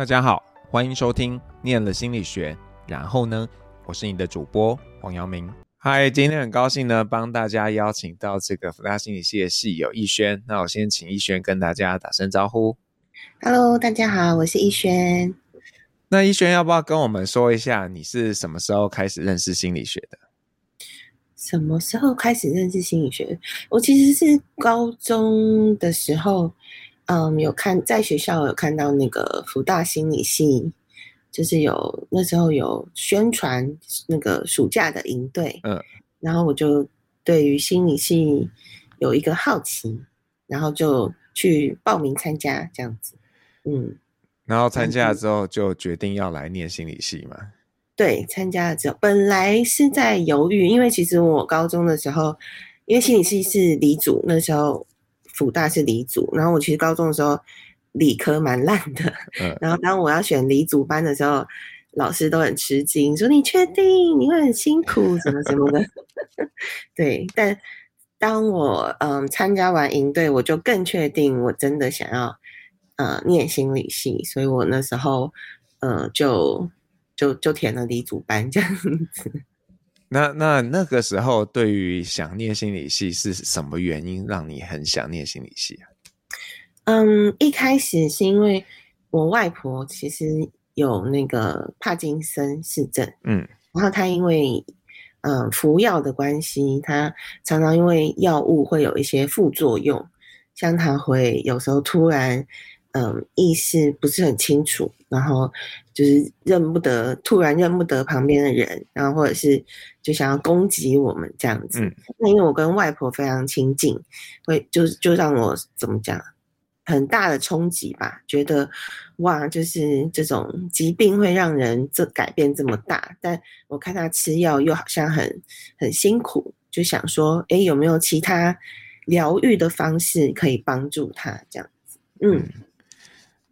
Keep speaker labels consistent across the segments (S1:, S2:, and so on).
S1: 大家好，歡迎收聽《念了心理學》，然後呢，我是你的主播黃陽明。嗨，今天很高興呢，幫大家邀請到這個輔大心理系的系友一萱。那我先請一萱跟大家打聲招呼。
S2: Hello，大家好，我是一萱。
S1: 那一萱要不要跟我們說一下，你是什麼時候開始認識心理學的？
S2: 什麼時候開始認識心理學？我其實是高中的時候。嗯，有看在學校有看到那個輔大心理系，就是有那時候有宣傳那個暑假的營隊，嗯、呃，然後我就對於心理系有一個好奇，然後就去報名參加這樣子，嗯，
S1: 然後參加了之後就決定要來念心理系嘛，
S2: 對，參加了之後本來是在猶豫，因為其實我高中的時候，因為心理系是理組，那時候。輔大是理組，然後我其實高中的時候理科蠻爛的，然後當我要選理組班的時候，老師都很吃驚，說你確定你會很辛苦，什麼什麼的。 對，但當我嗯、呃、參加完營隊，我就更確定我真的想要呃念
S1: 心理系，所以我那時候、呃、就就就填了理組班這樣子。那那那個時候，對於想念心理系是什麼原因，讓你很想念心理系
S2: 啊？嗯，一開始是因為我外婆其實有那個帕金森症，嗯，然後她因為嗯、呃、服藥的關係，她常常因為藥物會有一些副作用，像她會有時候突然。嗯，意識不是很清楚，然後就是認不得，突然認不得旁邊的人，然後或者是就想要攻擊我們這樣子。那、嗯、因為我跟外婆非常親近，會就就讓我怎麼講，很大的衝擊吧。覺得哇，就是這種疾病會讓人這改變這麼大，但我看她吃藥又好像很很辛苦，就想說，誒，有沒有其他療癒的方式可以幫助她這樣子？嗯。
S1: 嗯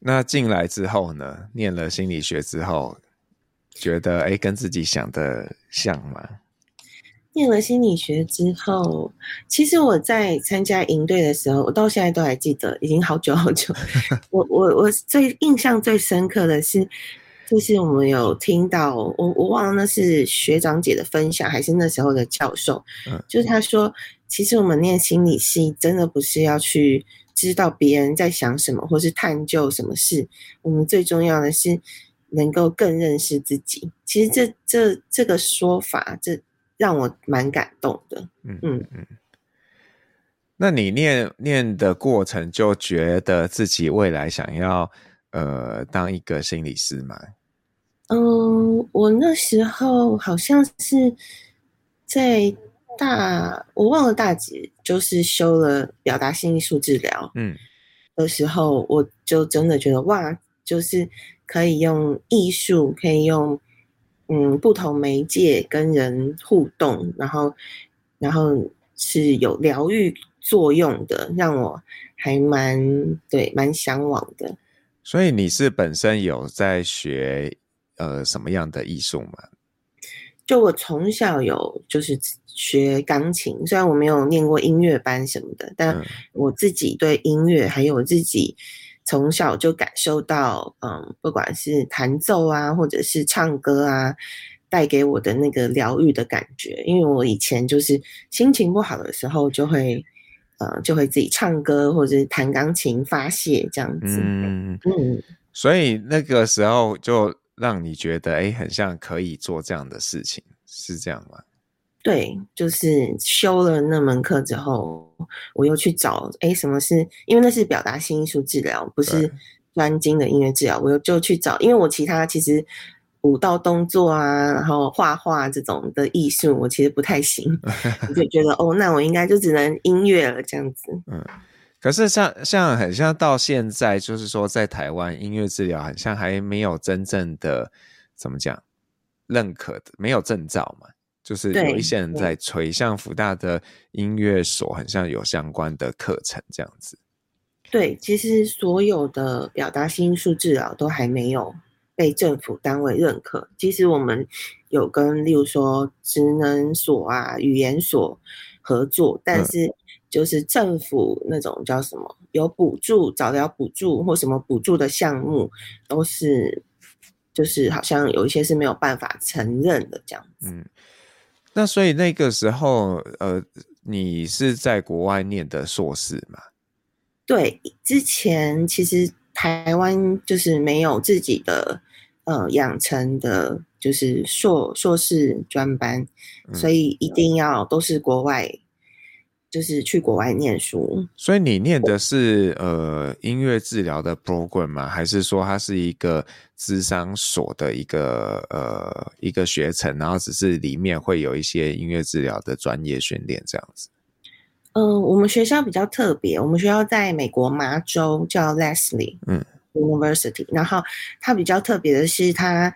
S1: 那進來之後呢？念了心理學之後，覺得哎、欸，跟自己想的像嗎？
S2: 念了心理學之後，其實我在參加營隊的時候，我到現在都還記得，已經好久好久。我我我最印象最深刻的是，就是我們有聽到，我我忘了那是學長姐的分享，還是那時候的教授，就是他說，其實我們念心理系真的不是要去。知道別人在想什麼，或是探究什麼事，我們，嗯，最重要的是能夠更認識自己。其實這這這個說法，這讓我蠻感動的。嗯嗯
S1: 嗯。那你念念的過程，就覺得自己未來想要呃當一個心理師嗎？嗯、
S2: 呃，我那時候好像是在大，我忘了大幾。就是修了表達性藝術治療，嗯，的時候，我就真的覺得哇，就是可以用藝術，可以用嗯不同媒介跟人互動，然後，然後是有療癒作用的，讓我還蠻，對，蠻向往的。
S1: 所以你是本身有在學呃什麼樣的藝術嗎？
S2: 就我從小有就是。學鋼琴，雖然我沒有念過音樂班什麼的，但我自己對音樂，還有我自己從小就感受到，嗯，不管是彈奏啊，或者是唱歌啊，帶給我的那個療癒的感覺。因為我以前就是心情不好的時候，就會，呃，就會自己唱歌或者彈鋼琴發洩這樣子。嗯嗯，嗯
S1: 所以那個時候就讓你覺得，哎、欸，很像可以做這樣的事情，是這樣嗎？
S2: 對，就是修了那門課之後，我又去找哎，什麼是因為那是表達性藝術治療，不是專精的音樂治療，對我又就去找，因為我其他其實舞蹈動作啊，然後畫畫這種的藝術，我其實不太行，我就覺得 哦，那我應該就只能音樂了這樣子。嗯，
S1: 可是像像很像到現在，就是說在台灣音樂治療，好像還沒有真正的怎麼講認可的，沒有證照嘛。就是有一些人在垂向輔大的音樂所，很像有相關的課程這樣子。
S2: 對，其實所有的表達性藝術治療啊，都還沒有被政府單位認可。其實我們有跟，例如說職能所啊、語言所合作，但是就是政府那種叫什麼、嗯、有補助、早療補助或什麼補助的項目，都是就是好像有一些是沒有辦法承認的這樣
S1: 子。嗯那所以那個時候，呃，你是在國外念的碩士嗎？
S2: 對，之前其實台灣就是沒有自己的呃養成的，就是碩碩士專班，嗯，所以一定要都是國外，就是去
S1: 國外念書。所以你念的是我呃音樂治療的 program 嗎？還是說它是一個？諮商所的一個呃一個學程，然後只是裡面會有一些音樂治療的專業訓練這樣子。嗯、
S2: 呃，我們學校比較特別，我們學校在美國麻州叫 Leslie University、嗯、然後它比較特別的是他，它、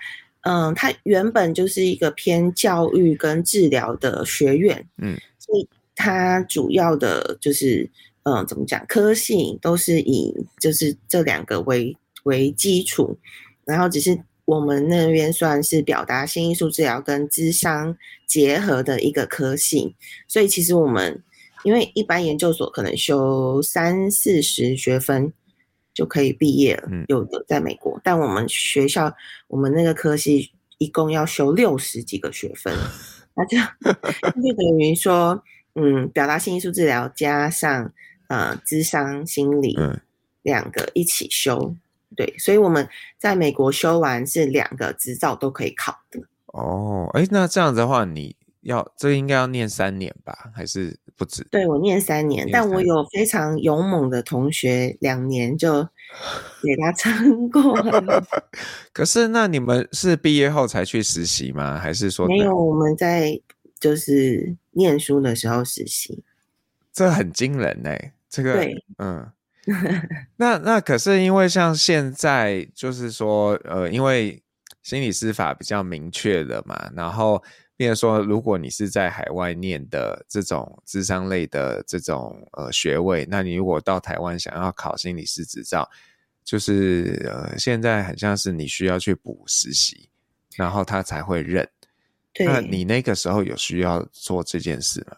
S2: 呃、嗯，它原本就是一個偏教育跟治療的學院，嗯，所以它主要的就是嗯、呃，怎麼講，科系都是以就是這兩個為為基礎。然後只是我們那邊算是表達性藝術治療跟諮商結合的一個科系，所以其實我們因為一般研究所可能修三四十學分就可以畢業了，有的在美國，但我們學校我們那個科系一共要修六十幾個學分，那就 就等於說，嗯，表達性藝術治療加上呃諮商心理兩個一起修。對，所以我們在美國修完是兩個執照都可以考的。
S1: 哦，哎，那這樣子的話，你要這應該要念三年吧，還是不止？
S2: 對，我念三年，三年，但我有非常勇猛的同學，嗯、兩年就給他成功。
S1: 可是，那你們是畢業後才去實習嗎？還是說沒有？我們在就是念書的時候實習。這很驚人哎、欸，這個，對嗯。 那那可是因為像現在就是說呃，因為心理師法比較明確了嘛，然後比如說，如果你是在海外念的這種諮商類的這種呃學位，那你如果到台灣想要考心理師執照，就是呃現在很像是你需要去補實習，然後他才會認。
S2: 對那你
S1: 那個時候有需要做這件事嗎？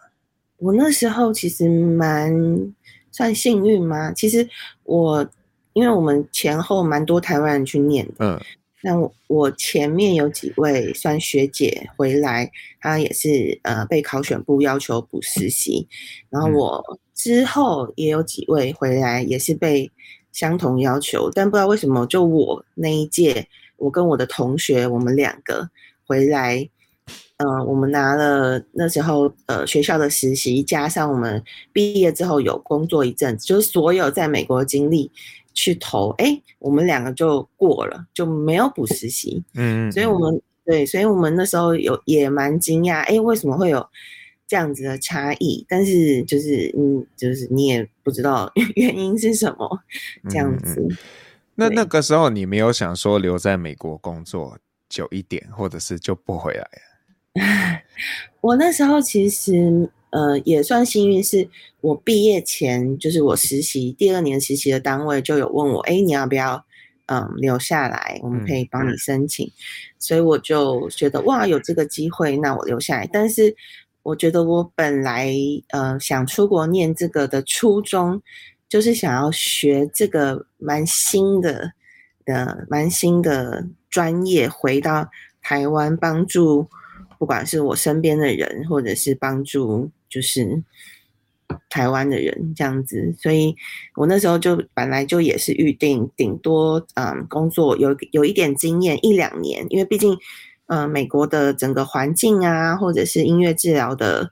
S2: 我那時候其實蠻。算幸運嗎？其實我，因為我們前後蠻多台灣人去念的，嗯，那我前面有幾位算學姐回來，她也是呃被考選部要求補實習，然後我之後也有幾位回來也是被相同要求，嗯，但不知道為什麼就我那一屆，我跟我的同學我們兩個回來。嗯、呃，我們拿了那時候呃學校的實習，加上我們畢業之後有工作一陣子，就是所有在美國的經歷去投，哎，我們兩個就過了，就沒有補實習。嗯、嗯，所以我們對，所以我們那時候有也蠻驚訝，哎，為什麼會有這樣子的差異？但是就是嗯，就是你也不知道原因是什麼這樣子嗯嗯。
S1: 那那個時候你沒有想說留在美國工作久一點，或者是就不回來了？
S2: 唉， 我那時候其實呃也算幸運，是我畢業前，就是我實習第二年實習的單位就有問我，哎、欸，你要不要嗯、呃、留下來？我們可以幫你申請。嗯嗯、所以我就覺得哇，有這個機會，那我留下來。但是我覺得我本來呃想出國念這個的初衷，就是想要學這個蠻新的的蠻新的專業，回到台灣幫助。不管是我身邊的人，或者是幫助，就是台灣的人這樣子，所以我那時候就本來就也是預定頂多嗯工作有有一點經驗一兩年，因為畢竟嗯、呃、美國的整個環境啊，或者是音樂治療的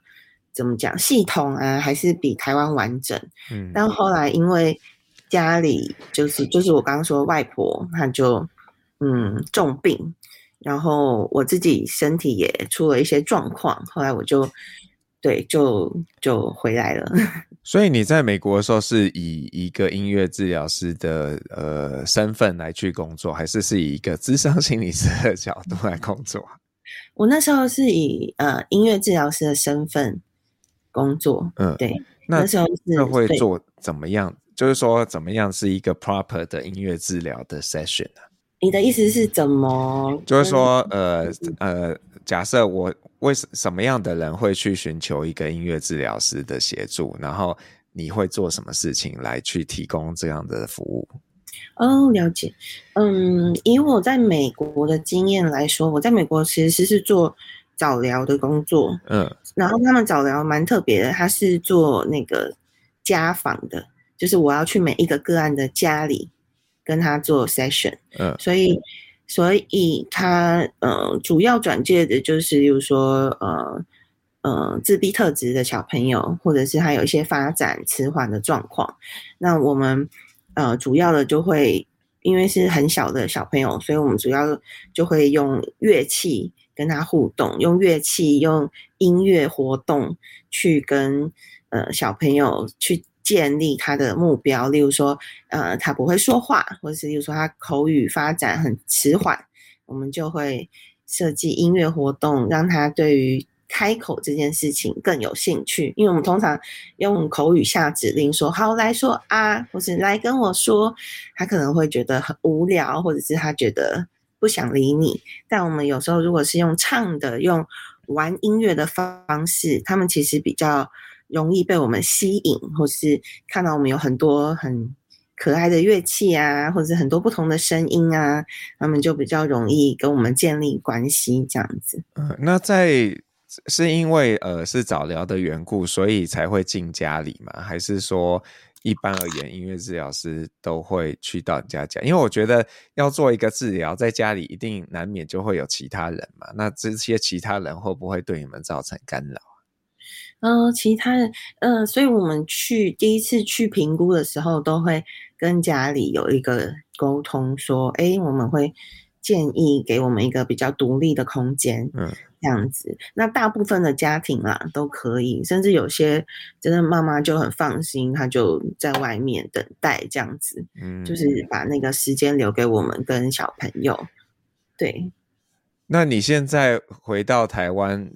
S2: 怎麼講系統啊，還是比台灣完整。嗯，但後來因為家裡就是就是我剛剛說外婆，她就嗯重病。然後我自己身體也出了一些狀況，後來我就對，就就回來了。
S1: 所以你在美國的時候是以一個音樂治療師的呃身份來去工作，還是是以一個諮商心理師的角度來工作？
S2: 我那時候是以呃音樂治療師的身份工作。嗯，對，那時候是會做
S1: 怎麼樣？對就是說怎麼樣是一個 proper 的音樂治療的 session 呢？
S2: 你的意思是怎麼？就是說，
S1: 呃呃，假設我為什麼樣的人會去尋求一個音樂治療師的協助？然後你會做什麼事情來去提供這樣的服務？
S2: 哦，了解。嗯，以我在美國的經驗來說，我在美國其實是做早療的工作。嗯，然後他們早療蠻特別的，他是做那個家訪的，就是我要去每一個個案的家裡。跟他做 session，嗯，uh，所以所以他呃主要轉介的就是，比如說呃呃自閉特質的小朋友，或者是他有一些發展遲緩的狀況。那我們呃主要的就會因為是很小的小朋友，所以我們主要就會用樂器跟他互動，用樂器用音樂活動去跟呃小朋友去。建立他的目標，例如說，呃，他不會說話，或者是例如說他口語發展很遲緩，我們就會設計音樂活動，讓他對於開口這件事情更有興趣。因為我們通常用口語下指令，說“好來說啊”或是“來跟我說”，他可能會覺得很無聊，或者是他覺得不想理你。但我們有時候如果是用唱的、用玩音樂的方式，他們其實比較。容易被我們吸引，或是看到我們有很多很可愛的樂器啊，或是很多不同的聲音啊，他們就比較容易跟我們建立關係，這樣子。嗯、呃，
S1: 那在是因為呃是早療的緣故，所以才會進家裡嗎？還是說一般而言，音樂治療師都會去到人家家？因為我覺得要做一個治療，在家裡一定難免就會有其他人嘛。那這些其他人會不會對你們造成干擾？
S2: 嗯，其他的，嗯、呃，所以我們去第一次去評估的時候，都會跟家裡有一個溝通，說，哎、欸，我們會建議給我們一個比較獨立的空間，嗯，這樣子。嗯、那大部分的家庭啊，都可以，甚至有些真的媽媽就很放心，她就在外面等待這樣子，嗯，就是把那個時間留給
S1: 我們跟小朋友，對。那你現在回到台灣？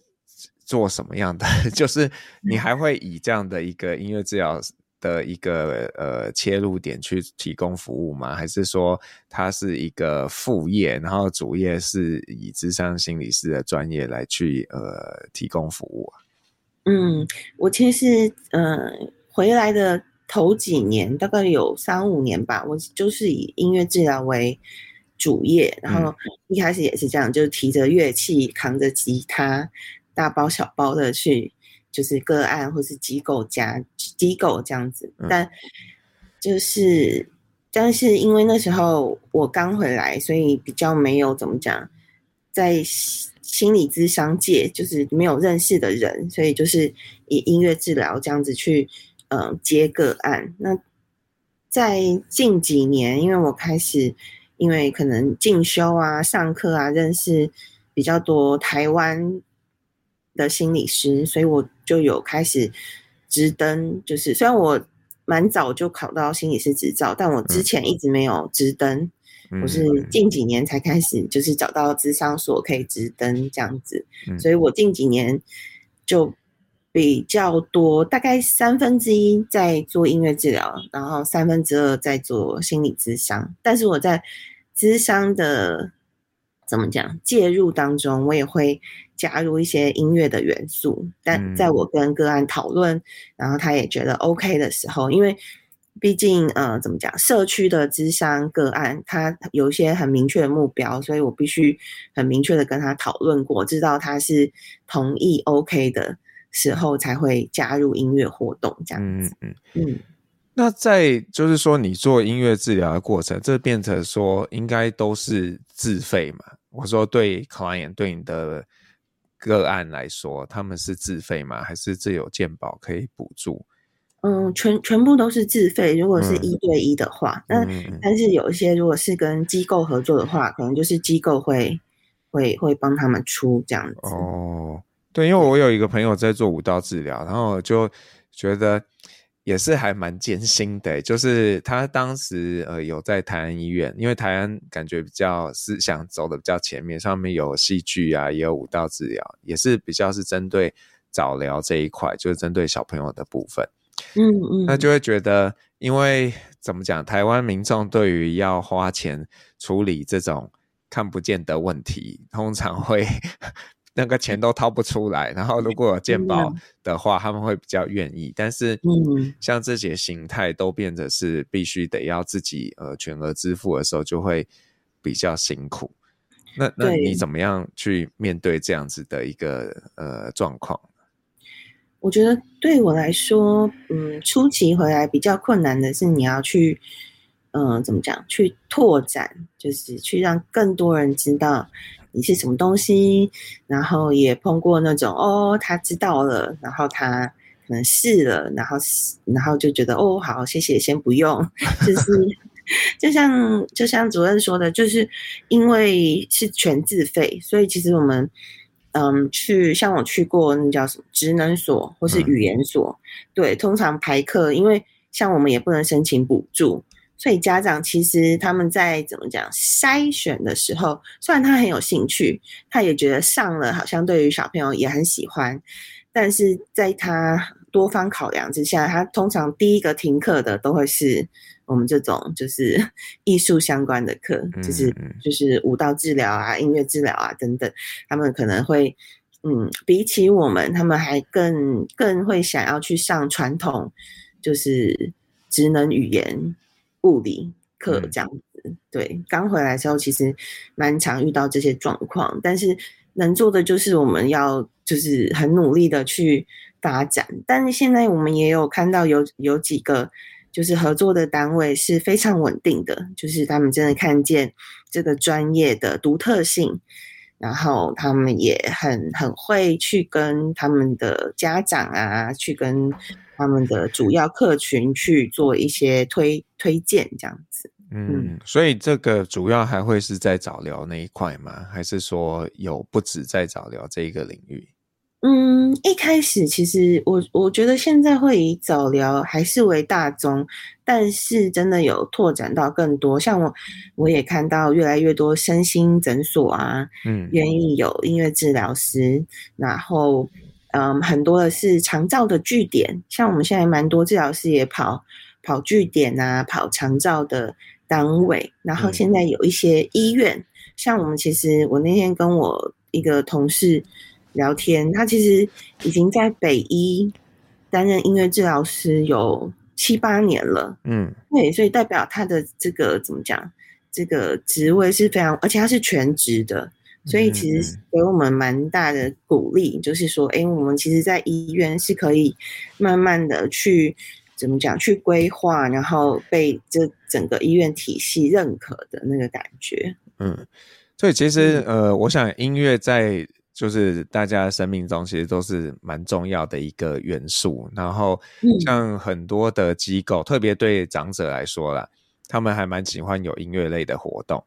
S1: 做什麼樣的？ 就是你還會以這樣的一個音樂治療的一個呃切入點去提供服務嗎？還是說它是一個副業，然後主業是以諮商心理師的專業來去呃提供服務啊？
S2: 嗯，我其實嗯、呃、回來的頭幾年，大概有三五年吧，我就是以音樂治療為主業，然後一開始也是這樣，就是提着樂器，扛着吉他。大包小包的去，就是個案或是機構加機構這樣子，但就是、嗯、但是因為那時候我剛回來，所以比較沒有怎麼講，在心理諮商界就是沒有認識的人，所以就是以音樂治療這樣子去，嗯，接個案。那在近幾年，因為我開始因為可能進修啊、上課啊，認識比較多台灣。的心理師，所以我就有開始執登，就是雖然我蠻早就考到心理師執照，但我之前一直沒有執登，嗯、我是近幾年才開始，就是找到諮商所可以執登這樣子，所以我近幾年就比較多，大概三分之一在做音樂治療，然後三分之二在做心理諮商，但是我在諮商的。怎麼講？介入當中，我也會加入一些音樂的元素，但在我跟個案討論，然後他也覺得 OK 的時候，因為畢竟呃，怎麼講，社區的諮商個案，他有一些很明確的目標，所以我必須很明確的跟他討論過，知道他是同意 OK 的時候，才會加入音樂活動這樣子。嗯，嗯，
S1: 那在就是說，你做音樂治療的過程，這變成說應該都是自費嘛？我說對 client 對你的個案來說，他們是自費嗎？還是自有健保可以補助？
S2: 嗯，全全部都是自費。如果是一對一的話，但是有一些如果是跟機構合作的話，可能就是機構會會會幫他們出這樣子。
S1: 哦，對，因為我有一個朋友在做舞蹈治療，然後我就覺得，也是還蠻艱辛的欸，就是他當時呃有在台灣醫院，因為台灣感覺比較思想走的比較前面，上面有戲劇啊，也有舞蹈治療，也是比較是針對早療這一塊，就是針對小朋友的部分。嗯嗯，那就會覺得，因為怎麼講，台灣民眾對於要花錢處理這種看不見的問題，通常會。 那個錢都掏不出來，然後如果有健保的話，嗯、他們會比較願意。但是，嗯、像這些形態都變得是必須得要自己呃全額支付的時候，就會比較辛苦那。那你怎麼樣去面對這樣子的一個對呃狀況？狀
S2: 況，我覺得對我來說，嗯，初期回來比較困難的是你要去，嗯、呃，怎麼講？去拓展，就是去讓更多人知道。你是什麼東西？然後也碰過那種哦，他知道了，然後他可能試了，然後然後就覺得哦，好，謝謝，先不用。就是 就像就像主任說的，就是因為是全自費，所以其實我們嗯，去像我去過那叫什麼職能所或是語言所，嗯、對，通常排課，因為像我們也不能申請補助。所以家長其實他們在怎麼講篩選的時候，雖然他很有興趣，他也覺得上了好像對於小朋友也很喜歡，但是在他多方考量之下，他通常第一個停課的都會是我們這種就是藝術相關的課，就是就是舞蹈治療啊、音樂治療啊等等，他們可能會嗯，比起我們，他們還更更會想要去上傳統就是職能語言。物理課這樣子，對，剛回來的時候其實蠻常遇到這些狀況，但是能做的就是我們要就是很努力的去發展，但是現在我們也有看到有有幾個就是合作的單位是非常穩定的，就是他們真的看見這個專業的獨特性，然後他們也很很會去跟他們的家長啊去跟。他們的主要客群去做一些推推薦，這樣子。
S1: 嗯，嗯，所以這個主要還會是在早療那一塊嗎？還是說有不止在早療這一個領域？
S2: 嗯，一開始其實我我覺得現在會以早療還是為大宗，但是真的有拓展，到更多像我我也看到越來越多身心診所啊，嗯，願意有音樂治療師，嗯，然後。嗯，很多的是長照的據點，像我們現在蠻多治療師也跑跑據點啊，跑長照的單位。然後現在有一些醫院，嗯、像我們其實我那天跟我一個同事聊天，他其實已經在北醫擔任音樂治療師有七八年
S3: 了。
S2: 嗯，對，所以代表他的這個怎麼講，這個職位是非常，而且他是全職的。所以其實給我們蠻大的鼓勵，就是說，哎、欸，我們其實，在醫院是可以慢慢的去怎麼講，去規劃，然後被這整個醫院體系認可的那個感覺。
S1: 嗯，所以其實，呃，我想音樂在就是大家的生命中其實都是蠻重要的一個元素。然後，像很多的機構，特別對長者來說啦，嗯、他們還蠻喜歡有音樂類的活動。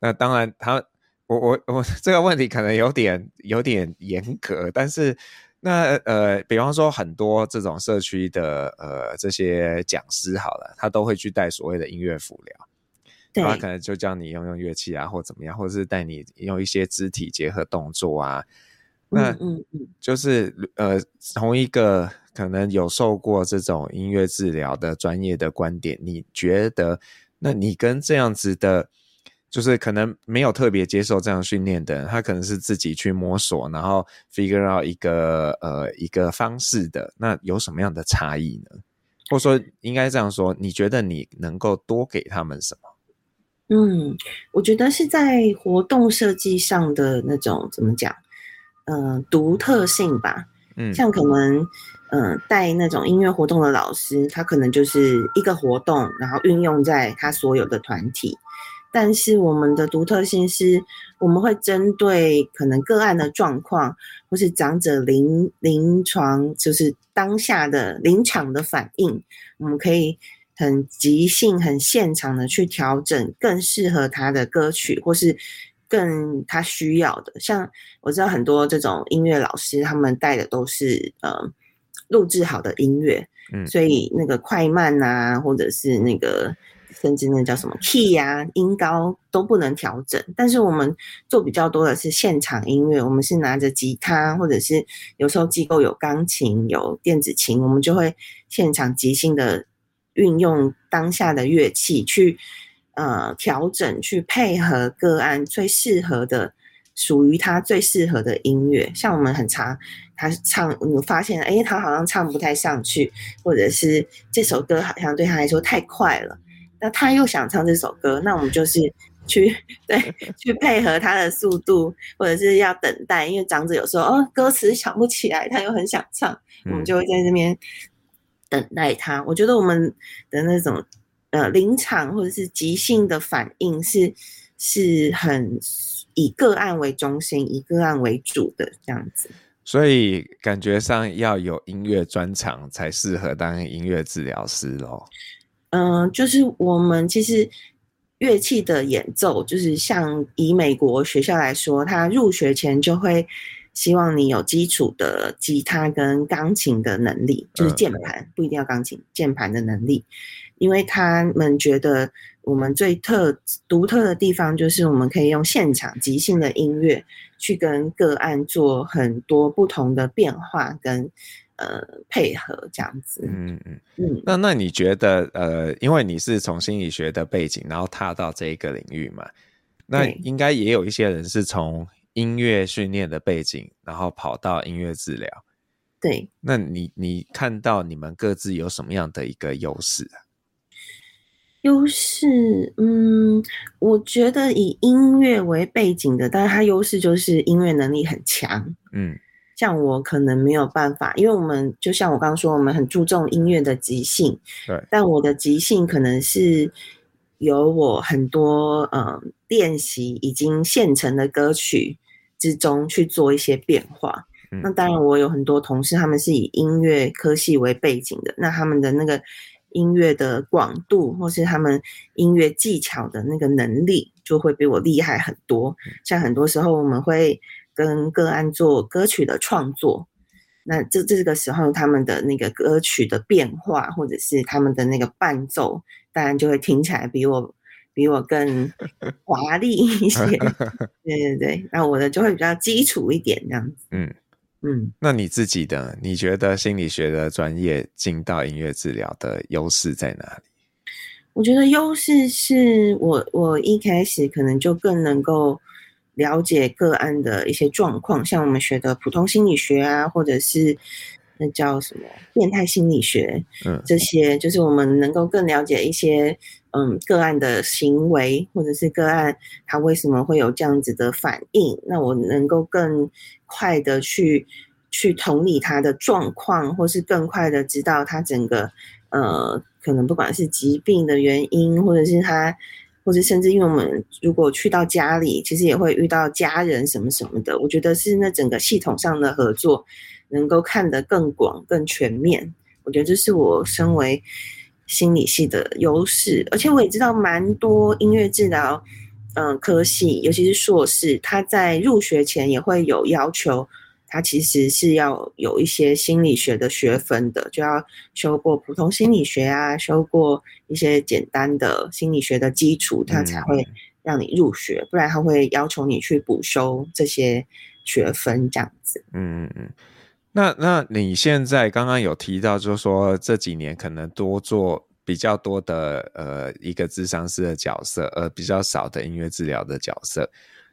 S1: 那當然，他。我我我這個問題可能有點有點嚴格，但是那呃，比方說很多這種社區的呃這些講師好了，他都會去帶所謂的音樂輔療，對他可能就教你用用樂器啊，或怎麼樣，或者是帶你用一些肢體結合動作啊。那嗯，嗯嗯，就是呃，同一個可能有受過這種音樂治療的專業的觀點，你覺得那你跟這樣子的？就是可能沒有特別接受這樣訓練的人，他可能是自己去摸索，然後 figure out 一個呃一個方式的。那有什麼樣的差異呢？或者說應該這樣說，你覺得你能夠多給他們什麼？嗯，
S2: 我覺得是在活動設計上的那種，怎麼講？嗯，呃，獨特性吧。嗯，像可能嗯、呃，帶那種音樂活動的老師，他可能就是一個活動，然後運用在他所有的團體。但是我們的獨特性是，我們會針對可能個案的狀況，或是長者臨臨床，就是當下的臨場的反應，我們可以很即興、很現場的去調整更適合他的歌曲，或是更他需要的。像我知道很多這種音樂老師，他們帶的都是呃錄製好的音樂，嗯，所以那個快慢啊，或者是那個。甚至那叫什麼 key 呀、啊，音高都不能調整。但是我們做比較多的是現場音樂，我們是拿着吉他，或者是有時候機構有鋼琴、有電子琴，我們就會現場即興的運用當下的樂器去呃調整，去配合個案最適合的、屬於他最適合的音樂。像我們很常，他唱，我發現誒、欸，他好像唱不太上去，或者是這首歌好像對他來說太快了。那他又想唱這首歌，那我們就是去對，去配合他的速度，或者是要等待，因為長者有時候哦，歌詞想不起來，他又很想唱，我們就會在那邊等待他。嗯、我覺得我們的那種呃臨場或者是即興的反應是是很以個案為中心、以個案為主的這樣子。
S1: 所以感覺上要有音樂專長才適合當音樂治療師哦？
S2: 嗯、呃，就是我們其實樂器的演奏，就是像以美國學校來說，他入學前就會希望你有基礎的吉他跟鋼琴的能力，就是鍵盤、嗯、不一定要鋼琴，鍵盤的能力，因為他們覺得我們最特獨特的地方就是我們可以用現場即興的音樂去跟個案做很多不同的變化跟。呃，配合這樣子，
S1: 嗯嗯嗯。嗯，那那你覺得，呃，因為你是從心理學的背景，然後踏到這一個領域嘛，那應該也有一些人是從音樂訓練的背景，然後跑到音樂治療。對，那你你看到你們各自有什麼樣的一個優勢啊？
S2: 優勢，嗯，我覺得以音樂為背景的，但是它優勢就是音樂能力很強，嗯。像我可能沒有辦法，因為我們就像我剛剛說，我們很注重音樂的即興。對。但我的即興可能是由我很多呃練習已經現成的歌曲之中去做一些變化。嗯、那當然，我有很多同事，他們是以音樂科系為背景的，那他們的那個音樂的廣度或是他們音樂技巧的那個能力，就會比我厲害很多。嗯、像很多時候我們會。跟個案做歌曲的創作，那這這個時候他們的那個歌曲的變化，或者是他們的那個伴奏，當然就會聽起來比我比我更華麗一些。 對對對，那我的就會比較基礎一點這樣子。
S1: 嗯嗯，那你自己的，你覺得心理學的專業進到音樂治療的優勢在哪裡？
S2: 我覺得優勢是我我一開始可能就更能夠。了解個案的一些狀況，像我們學的普通心理學啊，或者是那叫什麼變態心理學，嗯，這些就是我們能夠更了解一些，嗯，個案的行為，或者是個案他為什麼會有這樣子的反應。那我能夠更快的去去同理他的狀況，或是更快的知道他整個，呃，可能不管是疾病的原因，或者是他。或者甚至，因為我們如果去到家裡，其實也會遇到家人什麼什麼的。我覺得是那整個系統上的合作，能夠看得更廣、更全面。我覺得這是我身為心理系的優勢，而且我也知道蠻多音樂治療，嗯、呃，科系，尤其是碩士，他在入學前也會有要求。他其實是要有一些心理學的學分的，就要修過普通心理學啊，修過一些簡單的心理學的基礎，他才會讓你入學，嗯、不然他會要求你去補修這些學分這樣子。嗯
S1: 嗯嗯。那那你現在剛剛有提到，就是說這幾年可能多做比較多的呃一個諮商師的角色，而比較少的音樂治療的角色。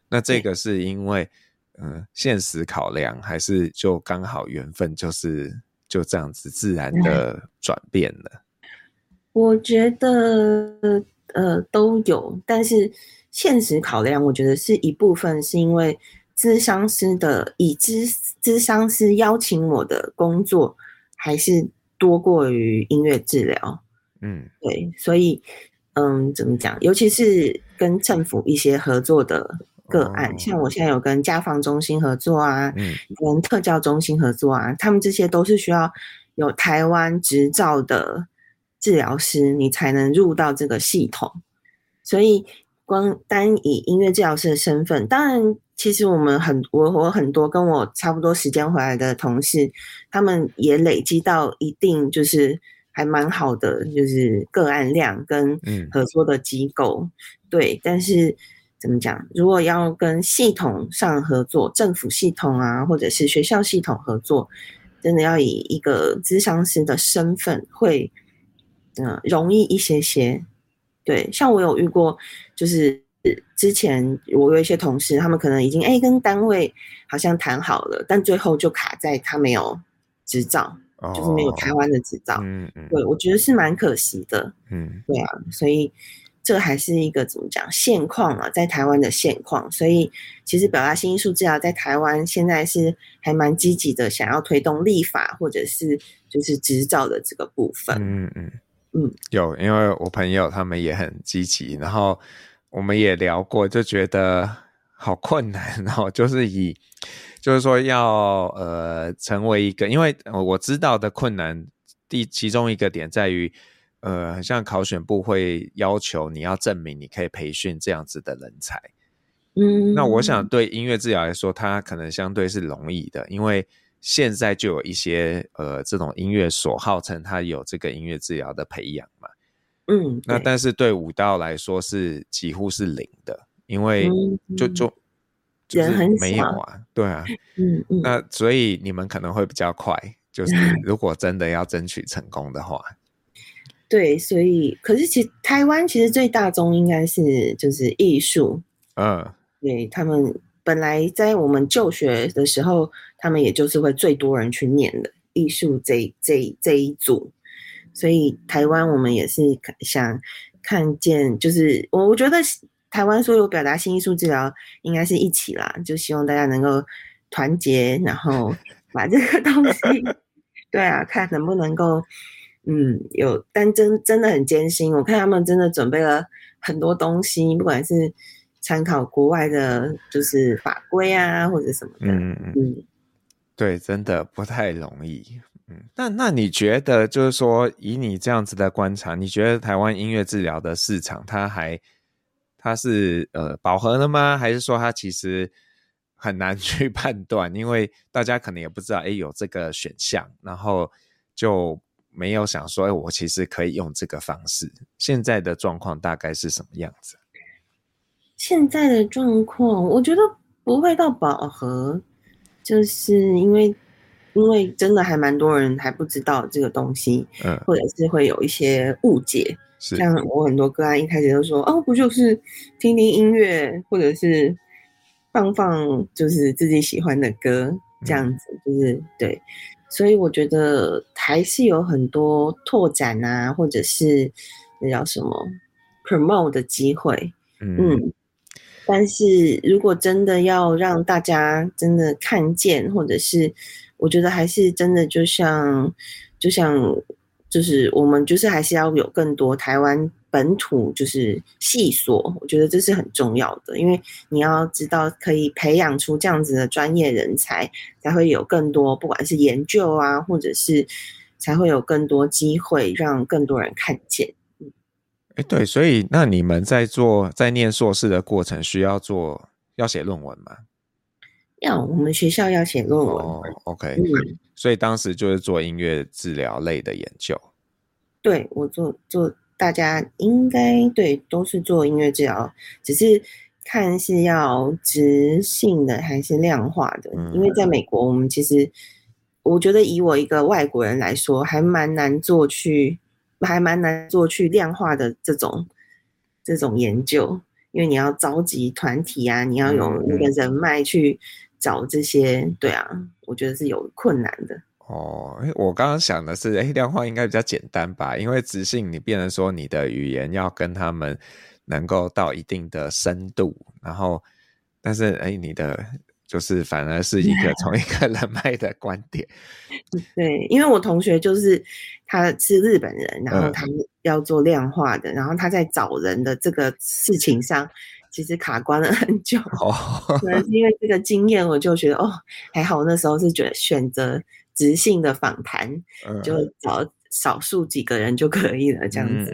S1: 那這個是因為、嗯。嗯，現實考量還是就剛好緣分，就是就這樣子自然的轉變了。
S2: 我覺得，呃，都有，但是現實考量，我覺得是一部分是因為諮商師的以諮諮商師邀請我的工作還是多過於音樂治療。嗯，對，所以嗯，怎麼講？尤其是跟政府一些合作的個案，像我現在有跟家訪中心合作啊，嗯、跟特教中心合作啊，他們這些都是需要有台灣執照的治療師，你才能入到這個系統。所以，光單以音樂治療師的身份，當然，其實我們很我我很多跟我差不多時間回來的同事，他們也累積到一定，就是還蠻好的，就是個案量跟合作的機構。嗯、對，但是。怎麼講？如果要跟系統上合作，政府系統啊，或者是學校系統合作，真的要以一個諮商師的身份，會、呃、嗯，容易一些些。對，像我有遇過，就是之前我有一些同事，他們可能已經哎、欸、跟單位好像談好了，但最後就卡在他沒有執照，哦、就是沒有台灣的執照。嗯嗯，對我覺得是蠻可惜的。嗯，對啊，所以。這還是一個怎麼講？現況啊，在台灣的現況，所以其實表達性藝術治療在台灣現在是還蠻積極的，想要推動立法或者是就是執照的這個部分。
S1: 嗯嗯嗯，嗯有，因為我朋友他們也很積極，然後我們也聊過，就覺得好困難後，哦，就是以就是說要呃成為一個，因為我知道的困難第其中一個點在於。呃，像考選部會要求你要證明你可以培訓這樣子的人才，嗯，
S3: 那我
S1: 想對音樂治療來說，它可能相對是容易的，因為現在就有一些呃，這種音樂所號稱它有這個音樂治療的培養嘛，嗯，
S3: 那但
S1: 是對舞蹈來說是幾乎是零的，因為就、嗯、就
S3: 就，就是沒有啊，
S1: 對啊，嗯嗯，嗯那所以你們可能會比較快，就是如果真的要爭取成功的話。
S2: 對，所以可是其實台灣其實最大宗應該是就是藝術，嗯、uh.，對，他們本來在我們就學的時候，他們也就是會最多人去念的藝術，藝術這這這一組，所以台灣我們也是想看見，就是我覺得台灣所有表達性藝術治療應該是一起啦，就希望大家能夠團結，然後把這個東西， 對啊，看能不能夠。嗯，有，但真真的很艱辛。我看他們真的準備了很多東西，不管是參考國外的，就是法規啊，或者什麼的。
S1: 嗯嗯對，真的不太容易。嗯，那那你覺得，就是說，以你這樣子的觀察，你覺得台灣音樂治療的市場它，它還它是呃飽和了嗎？還是說它其實很難去判斷？因為大家可能也不知道，哎、欸，有這個選項，然後就。沒有想說、哎，我其實可以用這個方式。現在的狀況大概是什麼樣子？
S2: 現在的狀況，我覺得不會到飽和，就是因為，因為真的還蠻多人還不知道這個東西，嗯、或者是會有一些誤解。是像我很多個案、啊、一開始都說，哦，不就是聽聽音樂，或者是放放就是自己喜歡的歌、嗯、這樣子，就是對。所以我覺得還是有很多拓展啊，或者是那叫什麼 promote 的機會，嗯、嗯，但是如果真的要讓大家真的看見，或者是我覺得還是真的就像就像就是我們就是還是要有更多台灣。本土就是系所，我覺得這是很重要的，因為你要知道，可以培養出這樣子的專業人才，才會有更多不管是研究啊，或者是才會有更多機會，讓更多人看見。
S1: 嗯，欸，對，所以那你們在做在念碩士的過程，需要做要寫論文嗎？
S2: 要，我們學校要寫論
S1: 文。哦，oh, okay，嗯，所以當時就是做音樂治療類的研究。
S2: 對，我做做。大家應該對都是做音樂治療，只是看是要質性的還是量化的。嗯、因為在美國，我們其實我覺得以我一個外國人來說，還蠻難做去，還蠻難做去量化的這種這種研究，因為你要召集團體啊，你要有那個人脈去找這些，嗯、對啊，我覺得是有困難的。
S1: 哦，我剛剛想的是，哎，量化應該比較簡單吧？因為質性，你變成說你的語言要跟他們能夠到一定的深度，然後，但是，哎，你的就是反而是一個從一個人脈的觀點。對，對，因為我同學就是他是日本人，然後他
S2: 要做量化的，呃、然後他在找人的這個事情上，其實卡關了很久。可能、哦、是因為這個經驗，我就覺得哦，還好，那時候是覺得選擇。即興的訪談，就找少數幾個人就可以了，這樣子。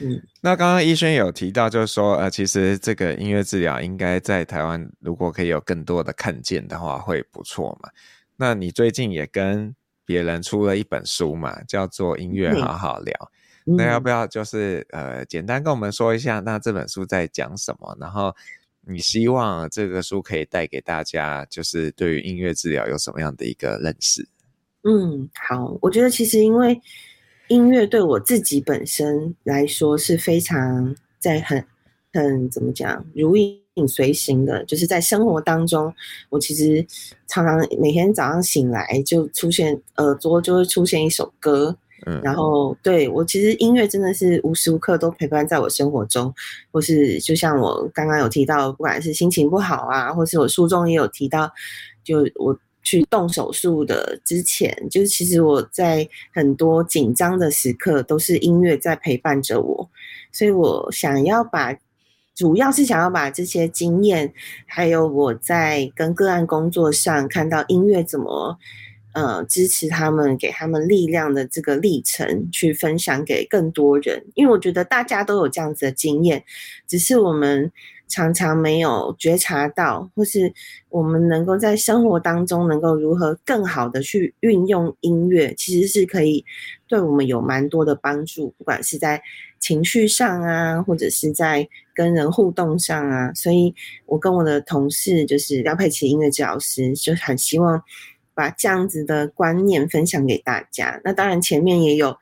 S2: 嗯，
S1: 那剛剛一萱有提到，就是說，呃，其實這個音樂治療應該在台灣，如果可以有更多的看見的話，會不錯嘛。那你最近也跟別人出了一本書嘛，叫做《音樂好好聊》對。那要不要就是，呃，簡單跟我們說一下，那這本書在講什麼？然後你希望這個書可以帶給大家，就是對於音樂治療有什麼樣的一個認識？
S2: 嗯，好。我覺得其實因為音樂對我自己本身來說是非常在很很怎麼講如影隨形的，就是在生活當中，我其實常常每天早上醒來就出現，呃、耳朵，就會出現一首歌。嗯、然後對我其實音樂真的是無時無刻都陪伴在我生活中，或是就像我剛剛有提到，不管是心情不好啊，或是我書中也有提到，就我。去動手術的之前，就是其實我在很多緊張的時刻，都是音樂在陪伴着我，所以我想要把，主要是想要把這些經驗，還有我在跟個案工作上看到音樂怎麼，呃，支持他們，給他們力量的這個歷程，去分享給更多人，因為我覺得大家都有這樣子的經驗，只是我們。常常沒有覺察到，或是我們能夠在生活當中能夠如何更好的去運用音樂，其實是可以對我們有蠻多的幫助，不管是在情緒上啊，或者是在跟人互動上啊。所以，我跟我的同事就是廖佩琪音樂治療師，就很希望把這樣子的觀念分享給大家。那當然前面也有。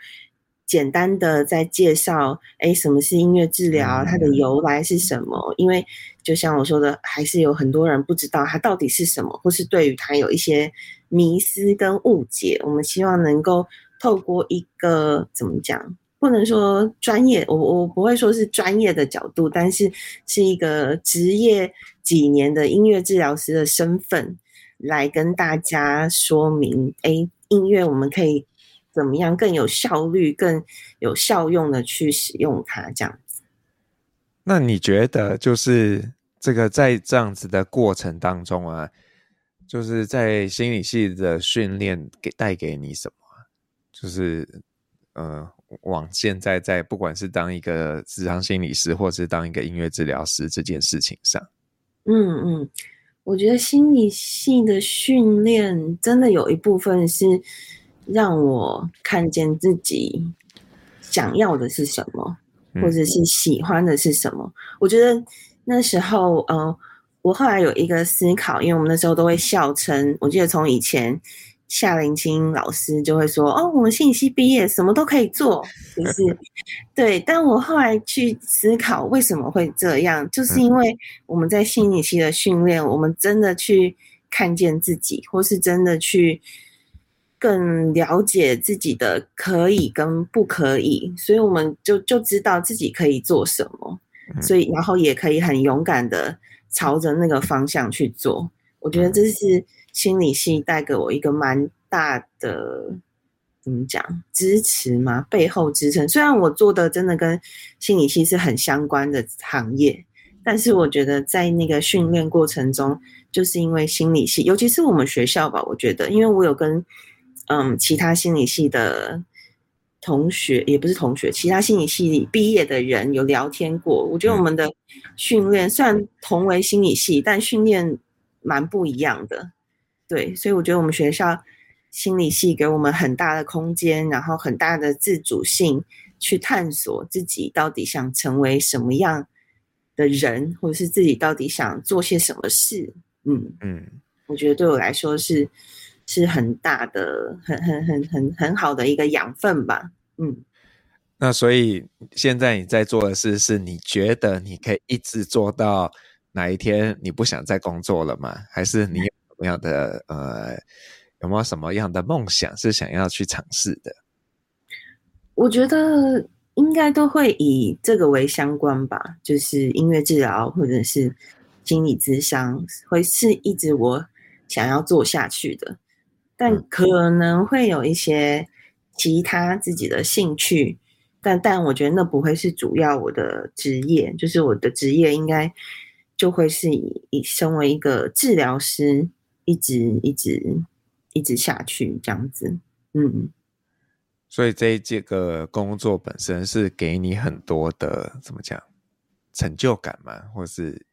S2: 簡單的在介紹，哎、欸，什麼是音樂治療？它的由來是什麼？因為就像我說的，還是有很多人不知道它到底是什麼，或是對於它有一些迷思跟誤解。我們希望能夠透過一個怎麼講，不能說專業，我我不會說是專業的角度，但是是一個職業幾年的音樂治療師的身份來跟大家說明，哎、欸，音樂我們可以。怎麼樣更有效率、更有效用的去使用它？這樣子。
S1: 那你覺得，就是這個在這樣子的過程當中啊，就是在心理系的訓練給帶給你什麼？就是，呃，往現在在不管是當一個諮商心理師，或是當一個音樂治療師這件事情上，
S2: 嗯嗯，我覺得心理系的訓練真的有一部分是。讓我看見自己想要的是什麼，或者是喜歡的是什麼。嗯、我覺得那時候，嗯、呃，我後來有一個思考，因為我們那時候都會笑稱，我記得從以前夏林清老師就會說：“哦，我們心理系畢業，什麼都可以做，不是？”對。但我後來去思考，為什麼會這樣？就是因為我們在心理系的訓練，我們真的去看見自己，或是真的去。更了解自己的可以跟不可以，所以我們就就知道自己可以做什麼，所以然後也可以很勇敢的朝着那個方向去做。我覺得這是心理系帶給我一個蠻大的，怎麼講，支持嘛？背後支撐。雖然我做的真的跟心理系是很相關的行業，但是我覺得在那個訓練過程中，就是因為心理系，尤其是我們學校吧，我覺得因為我有跟。嗯，其他心理系的同學也不是同學，其他心理系畢業的人有聊天過。我覺得我們的訓練雖然同為心理系，嗯、但訓練蠻不一樣的。對，所以我覺得我們學校心理系給我們很大的空間，然後很大的自主性去探索自己到底想成為什麼樣的人，或者是自己到底想做些什麼事。
S1: 嗯
S2: 嗯，我覺得對我來說是。是很大的，很很很很很好的一個養分吧，嗯。
S1: 那所以現在你在做的事，是你覺得你可以一直做到哪一天你不想再工作了嗎？還是你有沒有的、嗯、呃，有沒有什麼樣的夢想是想要去嘗試的？
S2: 我覺得應該都會以這個為相關吧，就是音樂治療或者是心理諮商，會是一直我想要做下去的。但可能會有一些其他自己的興趣，嗯、但但我覺得那不會是主要我的職業，就是我的職業應該就會是以身為一個治療師，一直一直一直下
S1: 去這樣子。嗯，所以這一個工作本身是給你很多的怎麼講成就感嗎？或是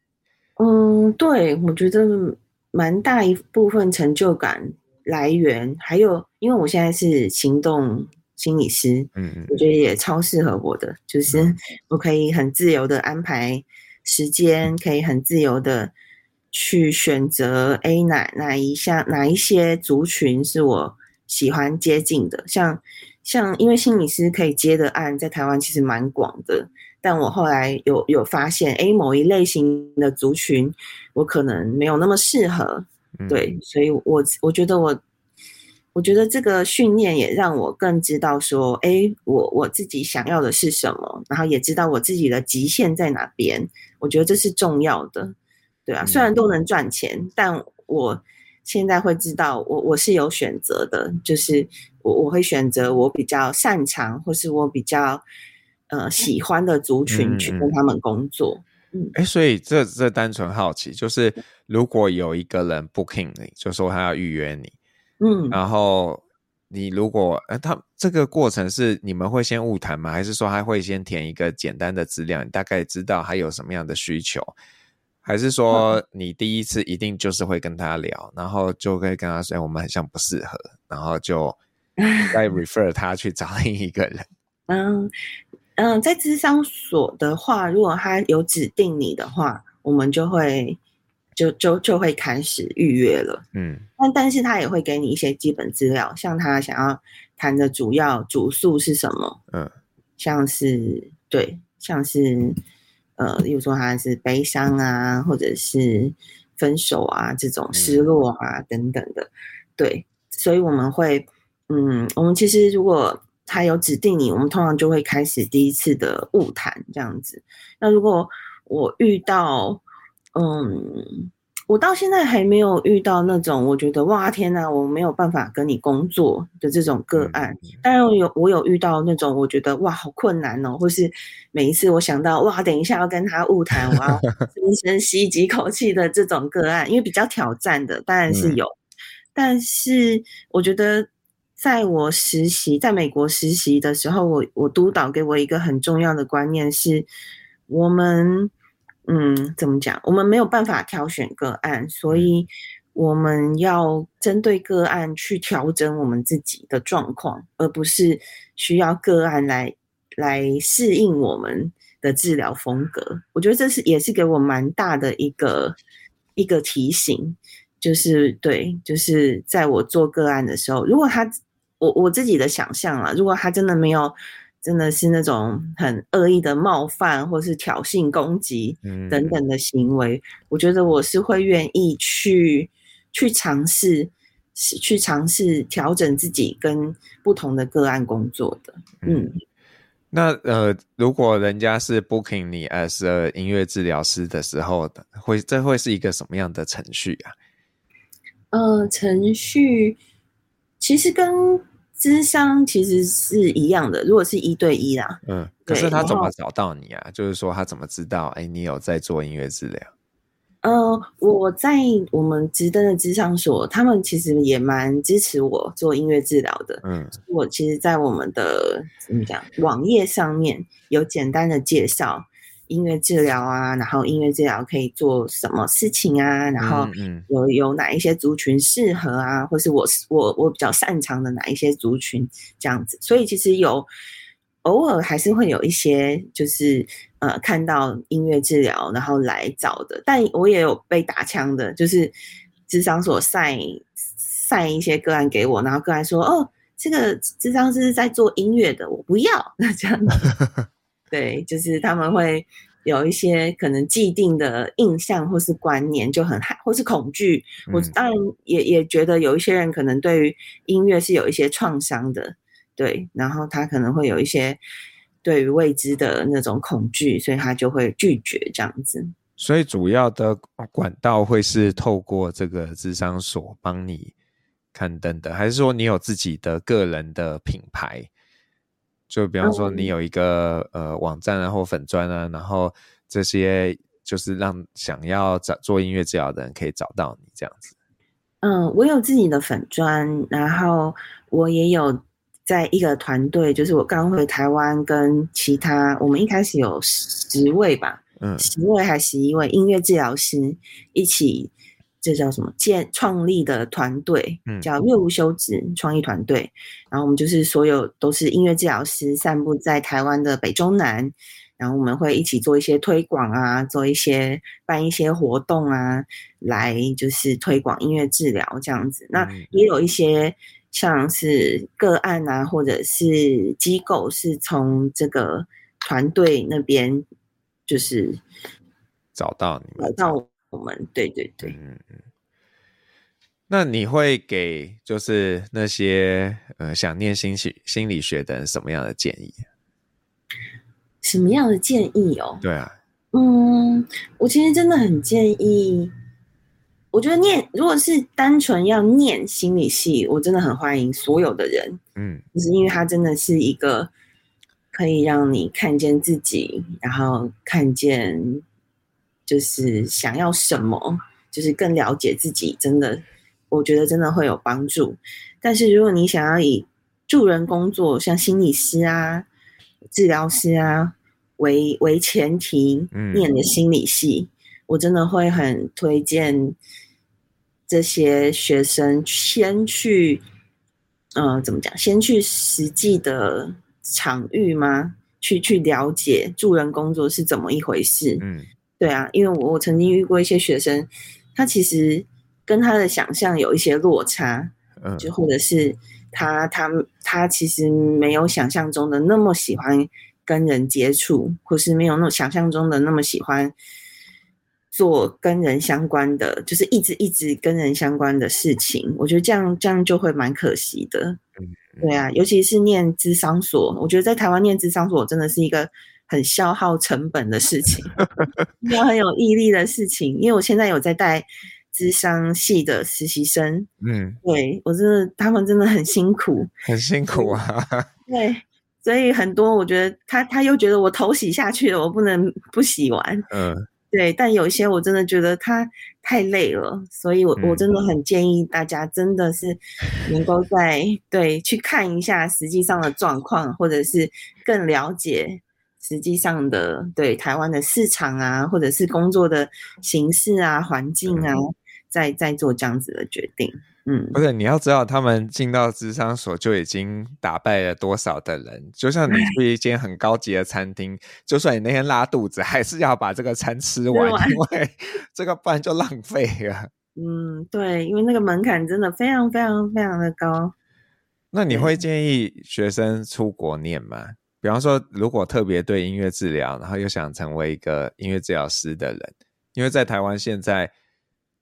S2: 嗯，對我覺得蠻大一部分成就感。來源還有，因為我現在是行動心理師，嗯，嗯，嗯，我覺得也超適合我的，就是我可以很自由的安排時間，嗯、可以很自由的去選擇欸哪哪一項哪一些族群是我喜歡接近的，像像因為心理師可以接的案在台灣其實蠻廣的，但我後來有有發現欸某一類型的族群，我可能沒有那麼適合。對，所以我我覺得我我覺得這個訓練也讓我更知道說，哎，我我自己想要的是什麼，然後也知道我自己的極限在哪邊。我覺得這是重要的，對啊。雖然都能賺錢，但我現在會知道我，我我是有選擇的，就是我我會選擇我比較擅長或是我比較
S1: 呃喜歡的族群去跟他們工作。嗯，哎，嗯嗯，所以這這單純好奇就是。如果有一個人 booking 你，就說他要預約你，嗯，然後你如果、呃、他這個過程是你們會先晤談嗎？還是說他會先填一個簡單的資料，你大概知道他有什麼樣的需求？還是說你第一次一定就是會跟他聊，嗯、然後就可以跟他說、哎、我們好像不適合，然後就再 refer 他去找另一個人？ 嗯
S2: 嗯，在諮商所的話，如果他有指定你的話，我們就會。就就就會開始預約了，嗯，但但是他也會給你一些基本資料，像他想要談的主要主訴是什麼，嗯，像是對，像是呃，例如說他是悲傷啊，嗯、或者是分手啊，這種失落啊、嗯、等等的，對，所以我們會，嗯，我們其實如果他有指定你，我們通常就會開始第一次的晤談這樣子。那如果我遇到。嗯，我到現在還沒有遇到那種我覺得哇天啊，我沒有辦法跟你工作的這種個案。當然有，我有遇到那種我覺得哇好困難哦，或是每一次我想到哇，等一下要跟他晤談，我要深深吸幾口氣的這種個案， 因為比較挑戰的當然是有。嗯、但是我覺得，在我實習在美國實習的時候，我我督導給我一個很重要的觀念是，我們。嗯，怎麼講？我們沒有辦法挑選個案，所以我們要針對個案去調整我們自己的狀況，而不是需要個案來來適應我們的治療風格。我覺得這是也是給我蠻大的一個一個提醒，就是對，就是在我做個案的時候，如果他我我自己的想象啊，如果他真的沒有。真的是那種很惡意的冒犯，或是挑釁、攻擊等等的行為。嗯，我覺得我是會願意去去嘗試去嘗試調整自己跟不同的個案工作的。嗯，
S1: 嗯那呃，如果人家是 booking 你 as 音樂治療師的時候，會這會是一個什麼樣的程序啊？
S2: 呃程序其實跟。智商其實是一樣的，如果是一對一啦，嗯，
S1: 對可是他怎麼找到你啊？後就是說他怎麼知道，哎、欸，你有在做音樂治療？
S2: 呃，我在我們直登的智商所，他們其實也蠻支持我做音樂治療的。嗯，我其實在我們的怎麼講網頁上面有簡單的介紹。嗯 音樂治療啊，然後音樂治療可以做什麼事情啊？然後有有哪一些族群適合啊？或是我我我比較擅長的哪一些族群這樣子？所以其實有偶爾還是會有一些就是呃看到音樂治療然後來找的，但我也有被打槍的，就是諮商所塞塞一些個案給我，然後個案說：“哦，這個諮商是在做音樂的，我不要這樣子。” 對，就是他們會有一些可能既定的印象或是觀念，就很害或是恐懼。我當然也也覺得有一些人可能對於音樂是有一些創傷的，對，然後他可能會有一些對於未知的那種恐懼，所以他就會拒絕這樣子。
S1: 所以主要的管道會是透過這個諮商所幫你刊登的，還是說你有自己的個人的品牌？就比方說，你有一個、嗯、呃，網站啊，或粉專啊，然後這些就是讓想要找做音樂治療的人可以找到你這樣子。嗯，
S2: 我有自己的粉專，然後我也有在一個團隊，就是我剛回台灣，跟其他我們一開始有十位吧，嗯，十位還是十一位音樂治療師一起。這叫什麼，建創立的團隊叫樂無休止、嗯、創意團隊，然後我們就是所有都是音樂治療師，散布在台灣的北中南，然後我們會一起做一些推廣啊，做一些辦一些活動啊，來就是推廣音樂治療這樣子。嗯、那也有一些像是個案啊，或者是機構是從這個團隊那邊就是找到你找到我們對對對、
S1: 嗯，那你會給就是那些、呃、想念心理心理學的人什麼樣的建議？
S2: 什麼樣的
S1: 建議哦？對啊，嗯，
S2: 我其實真的很建議，我覺得念如果是單純要念心理系，我真的很歡迎所有的人，嗯，就是因為他真的是一個可以讓你看見自己，然後看見。就是想要什麼，就是更了解自己，真的，我覺得真的會有幫助。但是，如果你想要以助人工作，像心理師啊、治療師啊為為前提念的心理系，嗯，我真的會很推薦這些學生先去，呃，怎麼講？先去實際的場域嗎？去去了解助人工作是怎麼一回事。嗯。對啊，因為我曾經遇過一些學生，他其實跟他的想象有一些落差，就或者是他他他其實沒有想象中的那麼喜歡跟人接觸，或是沒有那想象中的那麼喜歡做跟人相關的，就是一直一直跟人相關的事情。我覺得這樣這樣就會蠻可惜的。對啊，尤其是念諮商所，我覺得在台灣念諮商所真的是一個。很消耗成本的事情，要很有毅力的事情。因為我現在有在帶諮商系的實習生，嗯，對我真的，他們真的
S1: 很辛苦，很辛苦啊。
S2: 對，所以很多我覺得他他又覺得我頭洗下去了，我不能不洗完。嗯，對，但有一些我真的覺得他太累了，所以我我真的很建議大家真的是能夠再、嗯、對去看一下實際上的狀況，或者是更了解。實際上的，對台灣的市場啊，或者是工作的形式啊、環境啊，嗯、在在做這樣子的決定。
S1: 嗯，不是、okay, 你要知道，他們進到諮商所就已經打敗了多少的人。就像你去一間很高級的餐廳， 就算你那天拉肚子，還是要把這個餐吃完， 因為這個飯就浪費了。 嗯，
S2: 對，因為那個門檻真的非常非常非常的高。
S1: 那你會建議學生出國念嗎？比方說，如果特別對音樂治療，然後又想成為一個音樂治療師的人，因為在台灣現在，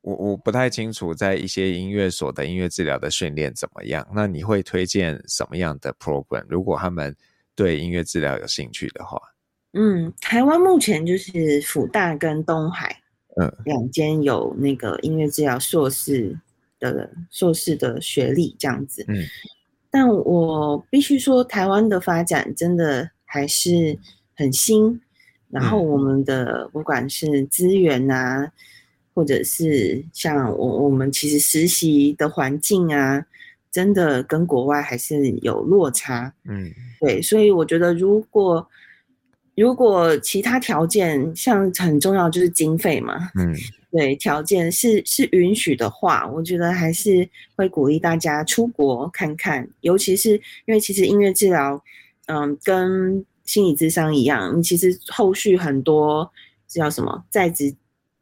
S1: 我我不太清楚在一些音樂所的音樂治療的訓練怎麼樣。那你會推薦什麼樣的 program？如果他們對音樂治療有興趣的話，
S2: 嗯，台灣目前就是輔大跟東海，兩間有那個音樂治療碩士的碩士的學歷這樣子，嗯。但我必須說，台灣的發展真的還是很新。然後我們的不管是資源啊，嗯、或者是像我我們其實實習的環境啊，真的跟國外還是有落差。嗯，對，所以我覺得如果如果其他條件，像很重要就是經費嘛。嗯。對，條件是是允許的話，我覺得還是會鼓勵大家出國看看，尤其是因為其實音樂治療，嗯，跟心理諮商一樣，其實後續很多叫什麼在職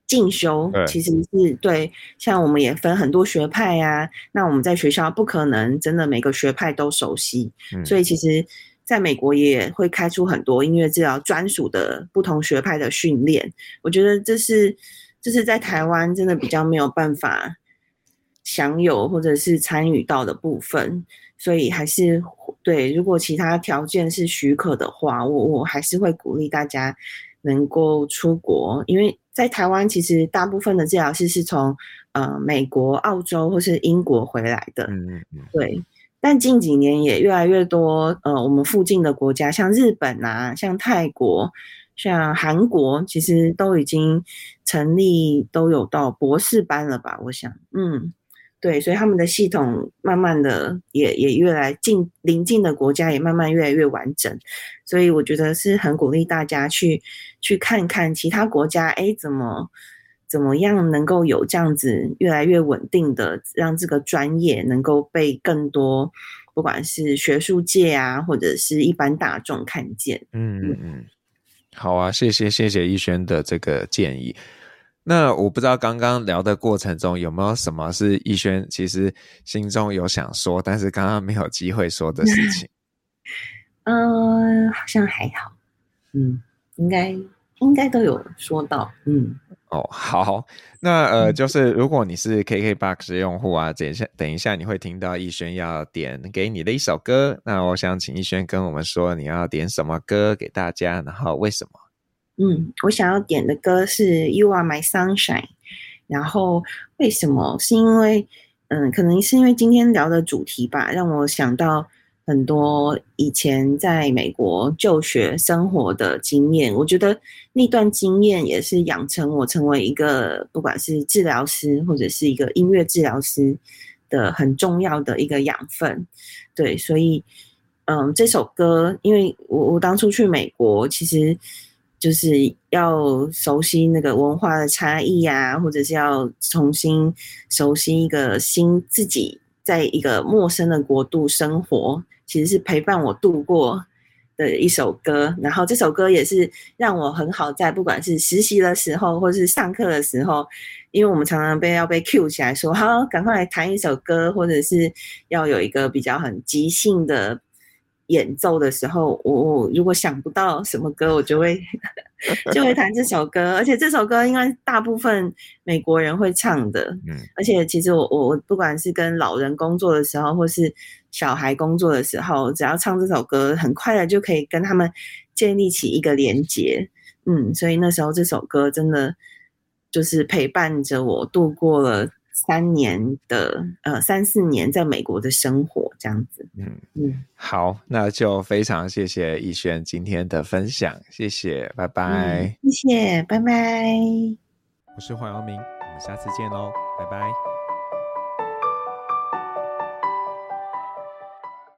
S2: 進修，對其實是對，像我們也分很多學派呀，啊，那我們在學校不可能真的每個學派都熟悉，嗯，所以其實在美國也會開出很多音樂治療專屬的不同學派的訓練，我覺得這是。就是在台灣真的比較沒有辦法享有或者是參與到的部分，所以還是對。如果其他條件是許可的話，我我還是會鼓勵大家能夠出國，因為在台灣其實大部分的治療師是從呃美國、澳洲或是英國回來的，對。但近幾年也越來越多呃，我們附近的國家，像日本啊，像泰國。像韓國其實都已經成立，都有到博士班了吧？我想，嗯，對，所以他們的系統慢慢的也也越來越近，臨近的國家也慢慢越來越完整。所以我覺得是很鼓勵大家去去看看其他國家，哎、欸，怎麼怎麼樣能夠有這樣子越來越穩定的，讓這個專業能夠被更多不管是學術界啊，或者是一般大眾看見。嗯嗯嗯。
S1: 好啊，謝謝謝謝一萱的這個建議。那我不知道剛剛聊的過程中有沒有什麼是一萱其實心中有想說，但是剛剛沒有機會說的事情？
S2: 嗯、 呃，好像還好。嗯，應該應該都有說到。嗯。
S1: 哦，好，那呃，就是如果你是 KKBOX 用戶啊，等一下等一下你會聽到一萱要點給你的一首歌。那我想請一萱跟我們說，你要點什麼歌給大家，然後為什麼？
S2: 嗯，我想要點的歌是《You Are My Sunshine》，然後為什麼？是因為嗯，可能是因為今天聊的主題吧，讓我想到。很多以前在美國就學生活的經驗，我覺得那段經驗也是養成我成為一個不管是治療師或者是一個音樂治療師的很重要的一個養分。對，所以，嗯，這首歌，因為我我當初去美國，其實就是要熟悉那個文化的差異呀，或者是要重新熟悉一個新自己。在一個陌生的國度生活，其實是陪伴我度過的一首歌。然後這首歌也是讓我很好，在不管是實習的時候，或是上課的時候，因為我們常常被要被 cue 起來說，說好，趕快來彈一首歌，或者是要有一個比較很即興的。演奏的時候，我、哦、我如果想不到什麼歌，我就會 就會彈這首歌，而且這首歌應該大部分美國人會唱的。嗯，而且其實我我我不管是跟老人工作的時候，或是小孩工作的時候，只要唱這首歌，很快的就可以跟他們建立起一個連接。嗯，所以那時候這首歌真的就是陪伴着我度過了。三年的呃，三四年在美國的生活這
S1: 樣子。嗯嗯，好，那就非常謝謝一萱今天的分享，謝謝，拜拜。嗯、謝謝，拜拜。我是黃耀明，我們下次見嘍，拜拜。